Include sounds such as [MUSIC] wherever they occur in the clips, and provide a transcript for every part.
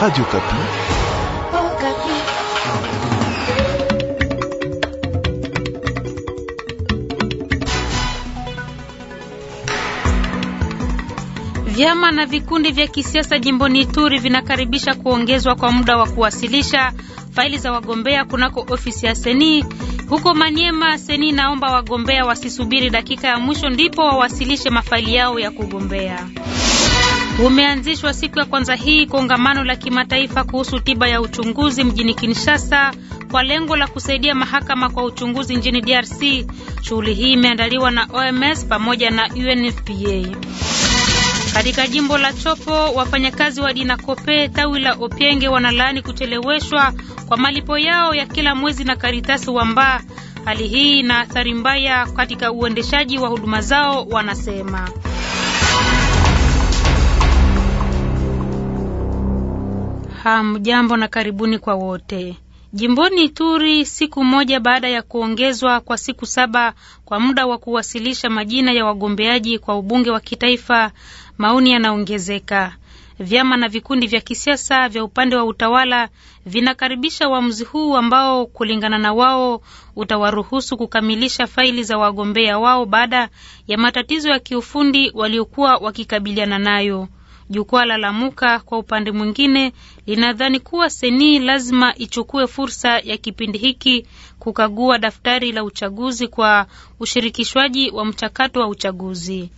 Radio Kapi. Oh, Kapi. Vyama na vikundi vya kisiasa jimboni Ituri vinakaribisha kuongezwa kwa muda wa kuwasilisha faili za wagombea kunako ofisi ya Seni. Huko Maniema, Seni naomba wagombea wasisubiri dakika ya mwisho ndipo wawasilishe mafaili yao ya kugombea. Umeanzishwa siku ya kwanza hii kongamano la kimataifa kuhusu tiba ya uchunguzi mjini Kinshasa kwa lengo la kusaidia mahakama kwa uchunguzi nchini DRC. Shughuli hii imeandaliwa na OMS pamoja na UNFPA. Katika jimbo la Chopo, wafanyakazi wa Dinakope tawi la Opienge wanalaani kucheleweshwa kwa malipo yao ya kila mwezi na Karitasi Wamba. Hali hii na athari mbaya katika uendeshaji wa huduma zao, wanasema. Hamjambo na karibuni kwa wote. Jimboni Ituri, siku moja baada ya kuongezwa kwa siku saba kwa muda wa kuwasilisha majina ya wagombeaji kwa ubunge wa kitaifa, maoni yanaongezeka. Vyama na vikundi vya kisiasa vya upande wa utawala vinakaribisha uamuzi huu ambao kulingana na wao utawaruhusu kukamilisha faili za wagombea wao baada ya matatizo ya kiufundi waliokuwa wakikabiliana nayo. Jukwaa la Lamuka kwa upande mwingine linadhani kuwa Seni lazima ichukue fursa ya kipindi hiki kukagua daftari la uchaguzi kwa ushirikishwaji wa mchakato wa uchaguzi.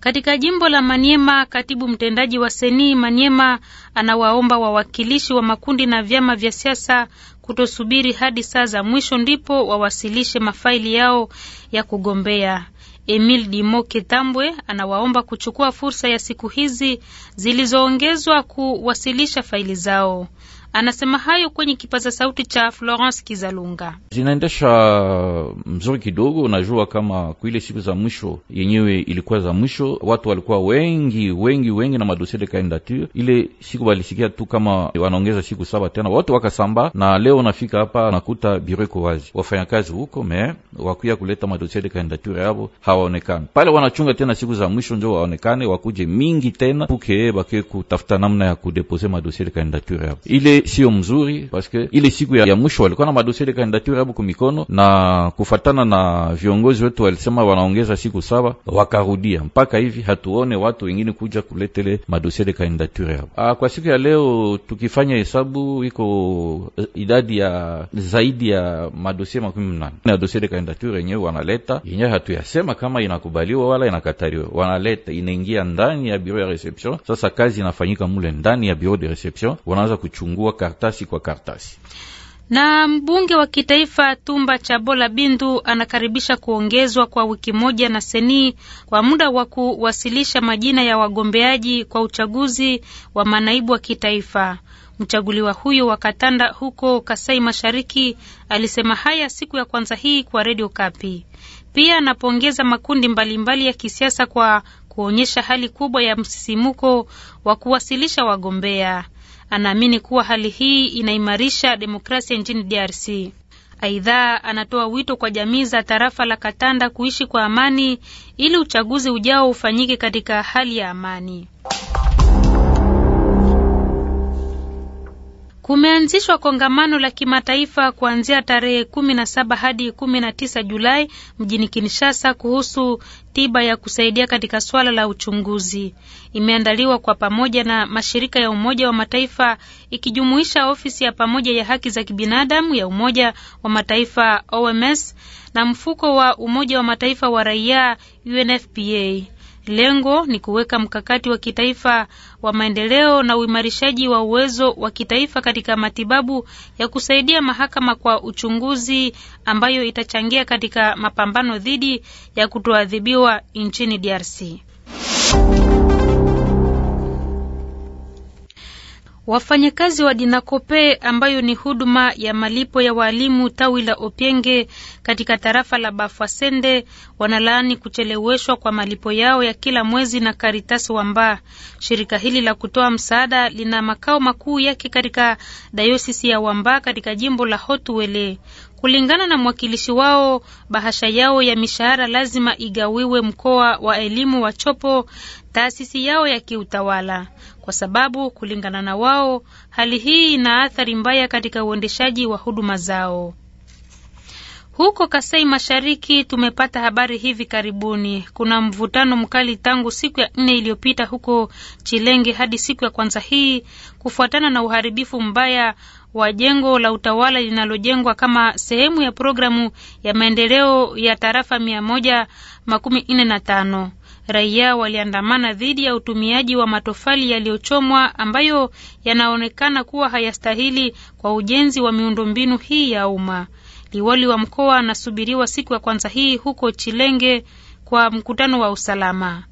Katika jimbo la Maniema, katibu mtendaji wa Seni Maniema anawaomba wawakilishi wa makundi na vyama vya siasa kutosubiri hadi saa za mwisho ndipo wawasilishe mafaili yao ya kugombea. Emil Dimo Ketambwe anawaomba kuchukua fursa ya siku hizi zilizoongezwa kuwasilisha faili zao. Anasema hayo kwenye kipaza sauti cha Florence Kizalunga. Zinaendesha uh, mzuri kidogo. Unajua kama kuile siku za mwisho yenyewe ilikuwa za mwisho, watu walikuwa wengi wengi wengi na madosie de candidature. Ile siku walisikia tu kama wanaongeza siku saba tena, watu wakasamba. Na leo unafika hapa nakuta biro iko wazi, wafanyakazi huko me wakuya kuleta madosie de candidature yabo hawaonekani pale. Wanachunga tena siku za mwisho njo waonekane, wakuje mingi tena puke bake kutafuta namna ya kudepose madosie de candidature yabo ile sio mzuri, paske ile siku ya, ya mwisho walikuwa na madosie de kandidature yabo kumikono, na kufatana na viongozi wetu walisema wanaongeza siku saba, wakarudia mpaka hivi hatuone watu wengine kuja kuletele madosie de kandidature yabo Ah, kwa siku ya leo tukifanya hesabu iko eh, idadi ya zaidi ya madosie makumi mnane na dosie de kandidature yenyewe wanaleta yenyewe, hatuyasema kama inakubaliwa wala inakatariwa, wanaleta inaingia ndani ya bureau ya reception. Sasa kazi inafanyika mule ndani ya bureau de reception, wanaanza kuchungua karatasi kwa karatasi. Na mbunge wa kitaifa Tumba cha bola Bindu anakaribisha kuongezwa kwa wiki moja na Seni kwa muda wa kuwasilisha majina ya wagombeaji kwa uchaguzi wa manaibu wa kitaifa. Mchaguliwa huyo wa Katanda huko Kasai Mashariki alisema haya siku ya kwanza hii kwa redio Kapi. Pia anapongeza makundi mbalimbali mbali ya kisiasa kwa kuonyesha hali kubwa ya msisimuko wa kuwasilisha wagombea. Anaamini kuwa hali hii inaimarisha demokrasia nchini DRC. Aidha, anatoa wito kwa jamii za tarafa la Katanda kuishi kwa amani ili uchaguzi ujao ufanyike katika hali ya amani. Kumeanzishwa kongamano la kimataifa kuanzia tarehe kumi na saba hadi kumi na tisa Julai mjini Kinshasa kuhusu tiba ya kusaidia katika swala la uchunguzi. Imeandaliwa kwa pamoja na mashirika ya Umoja wa Mataifa ikijumuisha ofisi ya pamoja ya haki za kibinadamu ya Umoja wa Mataifa OMS na mfuko wa Umoja wa Mataifa wa raia UNFPA. Lengo ni kuweka mkakati wa kitaifa wa maendeleo na uimarishaji wa uwezo wa kitaifa katika matibabu ya kusaidia mahakama kwa uchunguzi ambayo itachangia katika mapambano dhidi ya kutoadhibiwa nchini DRC. Wafanyakazi wa Dinakope ambayo ni huduma ya malipo ya waalimu tawi la Opienge katika tarafa la Bafwasende wanalaani kucheleweshwa kwa malipo yao ya kila mwezi na karitas Wamba. Shirika hili la kutoa msaada lina makao makuu yake katika dayosisi ya Wamba katika jimbo la Hotuele. Kulingana na mwakilishi wao, bahasha yao ya mishahara lazima igawiwe mkoa wa elimu wa Chopo taasisi yao ya kiutawala, kwa sababu kulingana na wao, hali hii ina athari mbaya katika uendeshaji wa huduma zao. Huko Kasai Mashariki tumepata habari hivi karibuni, kuna mvutano mkali tangu siku ya nne iliyopita huko Chilenge hadi siku ya kwanza hii kufuatana na uharibifu mbaya wa jengo la utawala linalojengwa kama sehemu ya programu ya maendeleo ya tarafa mia moja makumi nne na tano raia waliandamana dhidi ya utumiaji wa matofali yaliyochomwa ambayo yanaonekana kuwa hayastahili kwa ujenzi wa miundombinu hii ya umma. Liwali wa mkoa anasubiriwa siku ya kwanza hii huko Chilenge kwa mkutano wa usalama.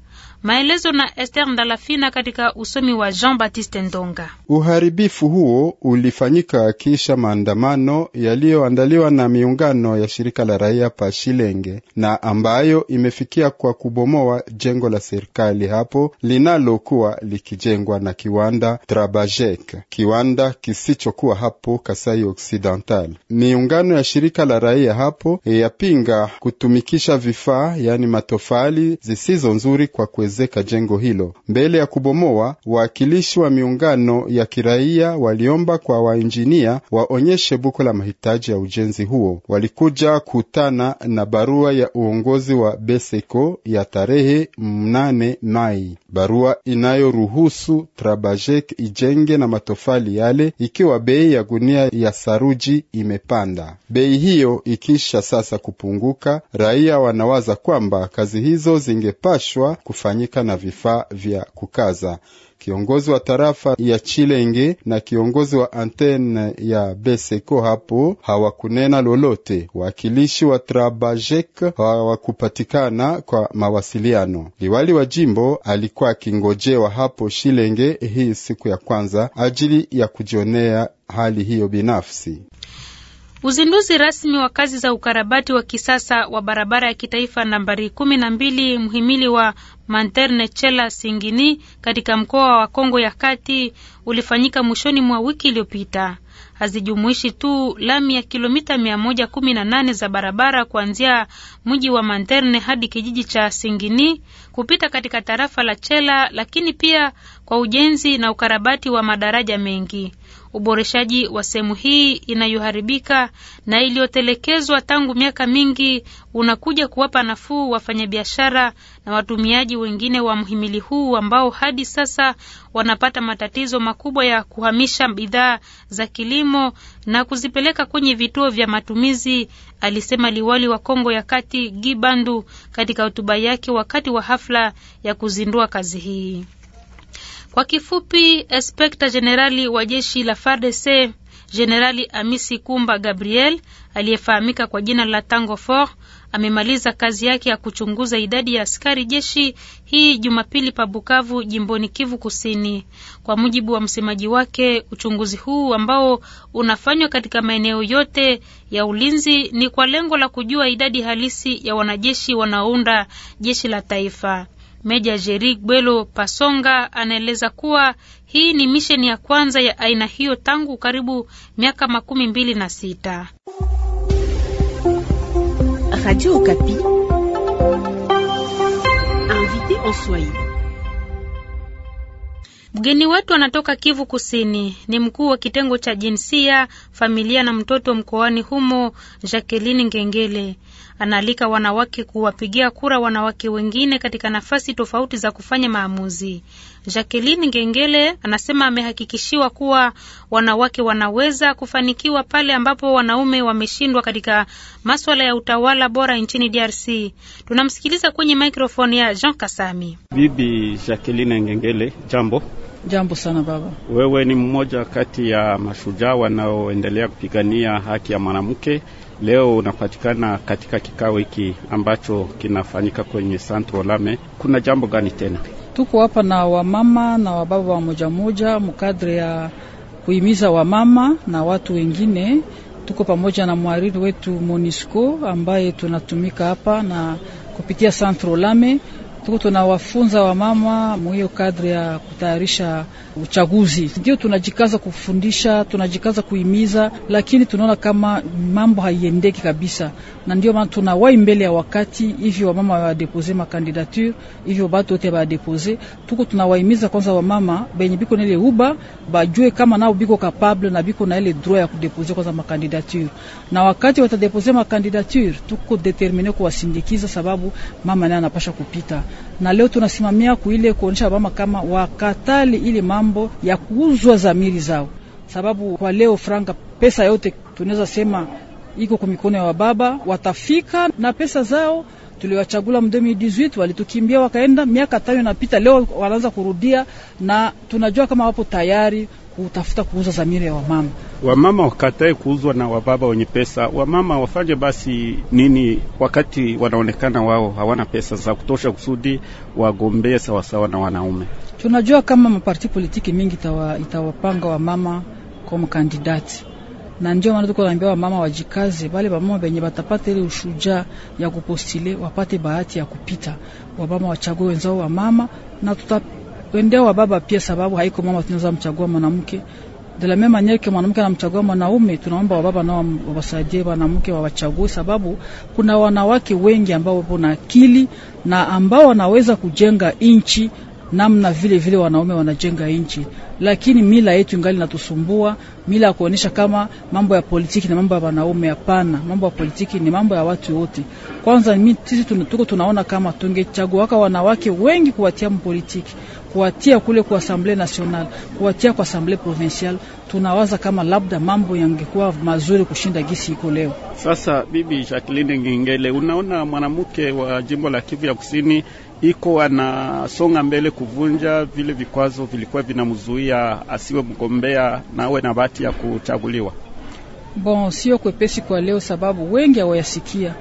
Maelezo na Esther Ndalafina katika usomi wa Jean-Baptiste Ndonga. Uharibifu huo ulifanyika kisha maandamano yaliyoandaliwa na miungano ya shirika la raia pa Shilenge na ambayo imefikia kwa kubomoa jengo la serikali hapo linalokuwa likijengwa na kiwanda Trabajek, kiwanda kisichokuwa hapo Kasai Occidental. Miungano ya shirika la raia hapo yapinga kutumikisha vifaa, yaani matofali zisizo nzuri kwa kwe kuongezeka jengo hilo. Mbele ya kubomoa, waakilishi wa miungano ya kiraia waliomba kwa wainjinia waonyeshe buku la mahitaji ya ujenzi huo. Walikuja kutana na barua ya uongozi wa Beseko ya tarehe mnane Mai, barua inayoruhusu Trabajek ijenge na matofali yale, ikiwa bei ya gunia ya saruji imepanda. Bei hiyo ikisha sasa kupunguka, raia wanawaza kwamba kazi hizo zingepashwa kufanyika kufanyika na vifaa vya kukaza. Kiongozi wa tarafa ya Chilenge na kiongozi wa antene ya Beseko hapo hawakunena lolote. Wakilishi wa Trabajek hawakupatikana kwa mawasiliano. Liwali wa jimbo alikuwa akingojewa hapo Chilenge hii siku ya kwanza ajili ya kujionea hali hiyo binafsi. Uzinduzi rasmi wa kazi za ukarabati wa kisasa wa barabara ya kitaifa nambari kumi na mbili mhimili wa Manterne Chela Singini katika mkoa wa Kongo ya Kati ulifanyika mwishoni mwa wiki iliyopita. Hazijumuishi tu lami ya kilomita 118 za barabara kuanzia mji wa Manterne hadi kijiji cha Singini kupita katika tarafa la Chela, lakini pia kwa ujenzi na ukarabati wa madaraja mengi. Uboreshaji wa sehemu hii inayoharibika na iliyotelekezwa tangu miaka mingi unakuja kuwapa nafuu wafanyabiashara na watumiaji wengine wa mhimili huu ambao hadi sasa wanapata matatizo makubwa ya kuhamisha bidhaa za kilimo na kuzipeleka kwenye vituo vya matumizi, alisema liwali wa Kongo ya Kati Gibandu katika hotuba yake wakati wa hafla ya kuzindua kazi hii. Kwa kifupi, Inspekta Jenerali wa jeshi la FARDC Jenerali Amisi Kumba Gabriel aliyefahamika kwa jina la Tango Fort amemaliza kazi yake ya kuchunguza idadi ya askari jeshi hii Jumapili pa Bukavu jimboni Kivu Kusini. Kwa mujibu wa msemaji wake, uchunguzi huu ambao unafanywa katika maeneo yote ya ulinzi ni kwa lengo la kujua idadi halisi ya wanajeshi wanaounda jeshi la taifa. Meja jeri gwelo Pasonga anaeleza kuwa hii ni misheni ya kwanza ya aina hiyo tangu karibu miaka makumi mbili na sita. Mgeni wetu anatoka Kivu Kusini, ni mkuu wa kitengo cha jinsia, familia na mtoto mkoani humo, Jacqueline Ngengele. Anaalika wanawake kuwapigia kura wanawake wengine katika nafasi tofauti za kufanya maamuzi. Jacqueline Ngengele anasema amehakikishiwa kuwa wanawake wanaweza kufanikiwa pale ambapo wanaume wameshindwa katika maswala ya utawala bora nchini DRC. Tunamsikiliza kwenye mikrofoni ya Jean Kasami. Bibi Jacqueline Ngengele, jambo. Jambo sana baba. Wewe ni mmoja kati ya mashujaa wanaoendelea kupigania haki ya mwanamke Leo unapatikana katika kikao hiki ambacho kinafanyika kwenye Santro Lame. Kuna jambo gani tena? Tuko hapa na wamama na wababa wa moja moja mukadre ya kuhimiza wamama na watu wengine. Tuko pamoja na mwariri wetu Monisco ambaye tunatumika hapa na kupitia santrolame tuko tunawafunza wamama mwiyo kadri ya kutayarisha uchaguzi. Ndio tunajikaza kufundisha, tunajikaza kuhimiza, lakini tunaona kama mambo haiendeki kabisa, na ndio maana tunawai mbele ya wakati hivyo, wamama wadepose makandidature hivyo, batu wote badepose. Tuko tunawahimiza kwanza wamama benye biko na uba bajue kama nao biko kapable na biko na ile droit ya kudepose kwanza makandidature, na wakati watadepose makandidature tuko determine kuwasindikiza, sababu mama naye anapasha kupita na leo tunasimamia kuile kuonyesha mama kama wakatali ili mambo ya kuuzwa zamiri zao, sababu kwa leo franga, pesa yote tunaweza sema iko kwa mikono ya wababa. Watafika na pesa zao, tuliwachagula mu 2018 walitukimbia wakaenda, miaka tano inapita, leo wanaanza kurudia, na tunajua kama wapo tayari kutafuta kuuza zamiri ya wamama. Wamama wakatae kuuzwa na wababa wenye pesa. Wamama wafanye basi nini wakati wanaonekana wao hawana pesa za kutosha, kusudi wagombee sawasawa na wanaume. Tunajua kama maparti politiki mingi itawa, itawapanga wamama kama kandidati na ndio maana tuko naambia wamama wajikaze, wale wamama wenye watapata ile ushujaa ya kupostile wapate bahati ya kupita, wamama wachague wenzao wamama na tuta wendea wa baba pia, sababu haiko mama tunaweza mchagua mwanamke de la meme manière que mwanamke anamchagua mwanaume, tunaomba wababa nao wawasaidie wanamke wawachague, sababu kuna wanawake wengi ambao wapo na akili na ambao wanaweza kujenga nchi namna vile vile wanaume wanajenga nchi, lakini mila yetu ingali natusumbua. Mila ya kuonyesha kama mambo ya politiki na mambo ya wanaume, hapana. Mambo ya politiki ni mambo ya watu wote. Kwanza mimi sisi tuko tunaona kama tungechagua waka wanawake wengi kuwatia mpolitiki kuwatia kule kwa Assemblée Nationale, kuwatia kwa Assemblée Provinciale, tunawaza kama labda mambo yangekuwa mazuri kushinda gisi iko leo. Sasa bibi Jacqueline Ngingele, unaona mwanamke wa jimbo la Kivu ya Kusini iko anasonga mbele kuvunja vile vikwazo vilikuwa vinamzuia asiwe mgombea na awe na bahati ya kuchaguliwa. Bon, sio kwepesi kwa leo, sababu wengi hawayasikia,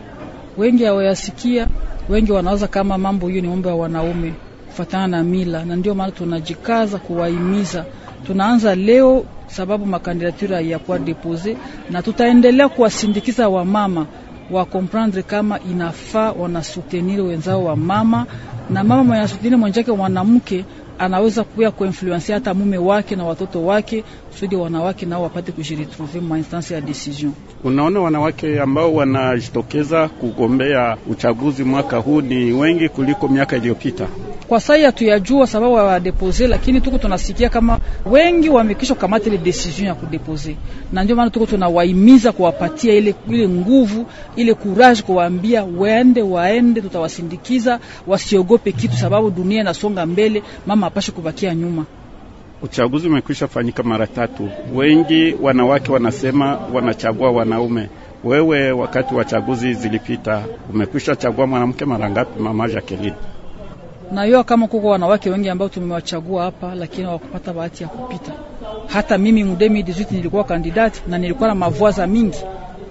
wengi hawayasikia, wengi wanawaza kama mambo hiyo ni ombe wa wanaume kufatana na mila, na ndio maana tunajikaza kuwahimiza. Tunaanza leo sababu makandidatura ya yakuwa depose, na tutaendelea kuwasindikiza wamama wa comprendre kama inafaa wanasuteniri wenzao wa mama, na mama mwenye anasuteniri mwenzake mwanamke anaweza kuya kuinfluensia hata mume wake na watoto wake, kusudi wanawake nao wapate kujiretrouve mwa instance ya decision. Unaona, wanawake ambao wanajitokeza kugombea uchaguzi mwaka huu ni wengi kuliko miaka iliyopita kwa sai hatuyajua sababu ya depose, lakini tuko tunasikia kama wengi wamekisha kukamata ile decision ya kudepose, na ndio maana tuko tunawahimiza kuwapatia ile, ile nguvu ile courage, kuwaambia waende, waende, tutawasindikiza, wasiogope kitu, sababu dunia inasonga mbele, mama apashe kubakia nyuma. Uchaguzi umekwisha fanyika mara tatu. Wengi wanawake wanasema wanachagua wanaume. Wewe wakati wa chaguzi zilipita, umekwisha chagua mwanamke mara ngapi, mama Jacqueline? Najua kama kuko wanawake wengi ambao tumewachagua hapa, lakini hawakupata bahati ya kupita. Hata mimi mudemi dizuti nilikuwa kandidati na nilikuwa na mavwaza mingi,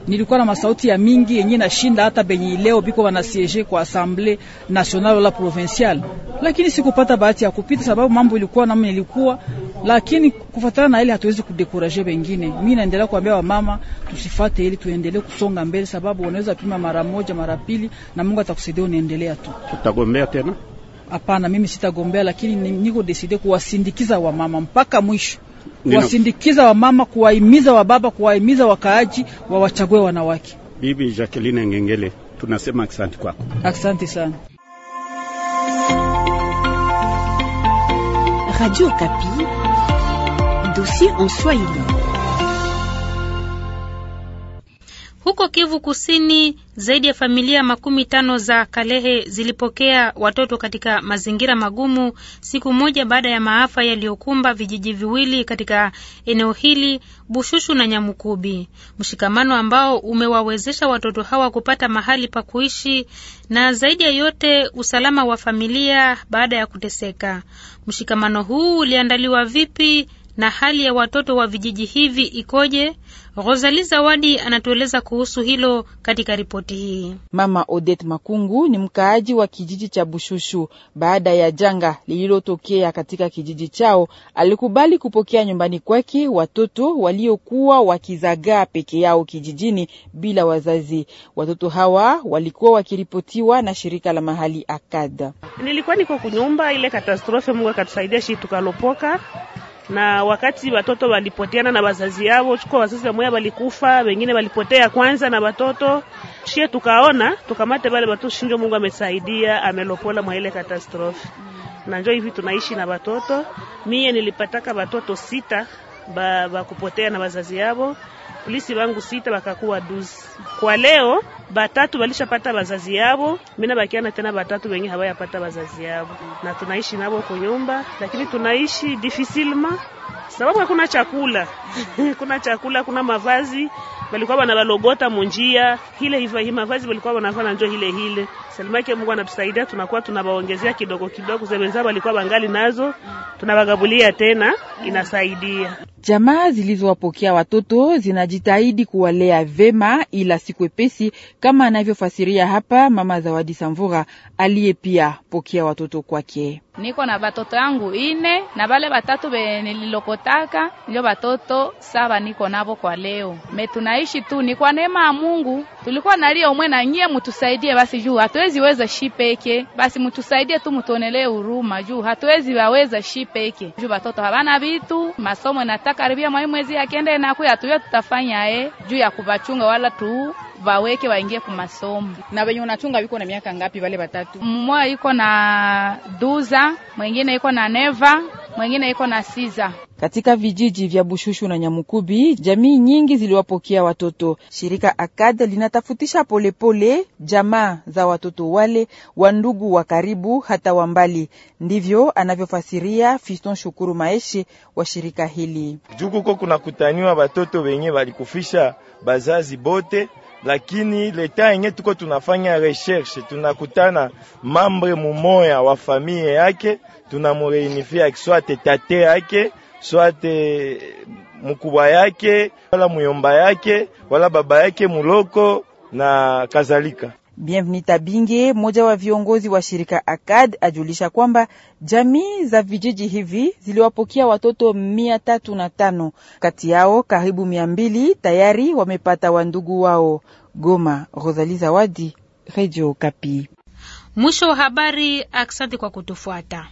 nilikuwa na masauti ya mingi yenye nashinda hata benye leo biko wana siege kwa assemble nationale la provinciale, lakini sikupata bahati ya kupita sababu mambo ilikuwa namna ilikuwa. Lakini kufuatana na ile hatuwezi kudekuraje wengine. Mimi naendelea kuambia wamama tusifate, ili tuendelee kusonga mbele, sababu unaweza pima mara moja mara pili, na Mungu atakusaidia unaendelea tu. Utagombea tena Hapana, mimi sitagombea, lakini niko deside kuwasindikiza wamama mpaka mwisho, kuwasindikiza wamama, kuwahimiza wababa, kuwahimiza wakaaji wawachague wanawake. Bibi Jacqueline Ngengele, tunasema asante kwako. Asante sana. Radio Kapi, dossier en Swahili. Huko Kivu Kusini, zaidi ya familia makumi tano za Kalehe zilipokea watoto katika mazingira magumu siku moja baada ya maafa yaliyokumba vijiji viwili katika eneo hili, Bushushu na Nyamukubi, mshikamano ambao umewawezesha watoto hawa kupata mahali pa kuishi na zaidi ya yote usalama wa familia baada ya kuteseka. Mshikamano huu uliandaliwa vipi na hali ya watoto wa vijiji hivi ikoje? Rosali Zawadi anatueleza kuhusu hilo katika ripoti hii. Mama Odette Makungu ni mkaaji wa kijiji cha Bushushu. Baada ya janga lililotokea katika kijiji chao, alikubali kupokea nyumbani kwake watoto waliokuwa wakizagaa peke yao kijijini bila wazazi. Watoto hawa walikuwa wakiripotiwa na shirika la mahali Akada. Nilikuwa niko kunyumba ile katastrofe, Mungu akatusaidia shii tukalopoka na wakati watoto walipoteana na wazazi yao, chukua wazazi wamoya walikufa, wengine walipotea kwanza na watoto shie, tukaona tukamate wale watu shinjo, Mungu amesaidia amelopola mwa ile katastrofe, na njoo hivi tunaishi na watoto. Mie nilipataka watoto sita bakupotea ba na bazazi yabo. Polisi bangu sita bakakuwa duzi kwa leo, batatu balishapata bazazi yabo, mina bakiana tena batatu wengi hawayapata bazazi yabo, na tunaishi nabo kwa nyumba, lakini tunaishi difficilement sababu hakuna chakula [LAUGHS] kuna chakula, kuna mavazi balikuwa wanabalogota munjia hile hivyo, mavazi balikuwa wanavaa na njo hile hile. Mungu anatusaidia, tunakuwa tunabaongezea kidogo kidogo, zebenza balikuwa bangali nazo tunabagabulia tena, inasaidia. Jamaa zilizowapokea watoto zinajitahidi kuwalea vema, ila sikwepesi kama anavyofasiria hapa Mama Zawadi Samvura aliyepia pokea watoto kwake niko na batoto yangu ine na bale batatu be nililokotaka ndio batoto saba niko nabo kwa leo. Metunaishi tu ni kwa neema ya Mungu. Tulikuwa nalia umwe na nyie mutusaidie basi, juu hatuwezi weza shipeke basi mutusaidie tu, mutuonelee huruma juu hatuwezi waweza shipeke peke, juu batoto habana vitu masomo, nataka karibia mwai mwezi akende nakuya tuyo tutafanya e juu ya kubachunga wala tu waweke waingie masomo. Na wenye unachunga wiko na miaka ngapi? Wale watatu, mmoja iko na duza, mwingine iko na neva, mwingine iko na siza. Katika vijiji vya Bushushu na Nyamukubi, jamii nyingi ziliwapokea watoto. Shirika AKAD linatafutisha polepole jamaa za watoto wale wa ndugu wa karibu hata wa mbali. Ndivyo anavyofasiria Fiston Shukuru Maeshi wa shirika hili. Jukuko kuna kutaniwa watoto wenye walikufisha bazazi bote lakini leta yenye tuko tunafanya recherche, tunakutana mambre mumoya wa famiye yake, tunamureinifia swate tate yake swate eh, mkubwa yake wala muyomba yake wala baba yake muloko na kadhalika. Bienvenue Tabinge, mmoja wa viongozi wa shirika ACAD, ajulisha kwamba jamii za vijiji hivi ziliwapokea watoto mia tatu na tano. Kati yao karibu mia mbili tayari wamepata wandugu wao. Goma, Rosali Zawadi, Radio Kapi. Mwisho wa habari. Asante kwa kutufuata.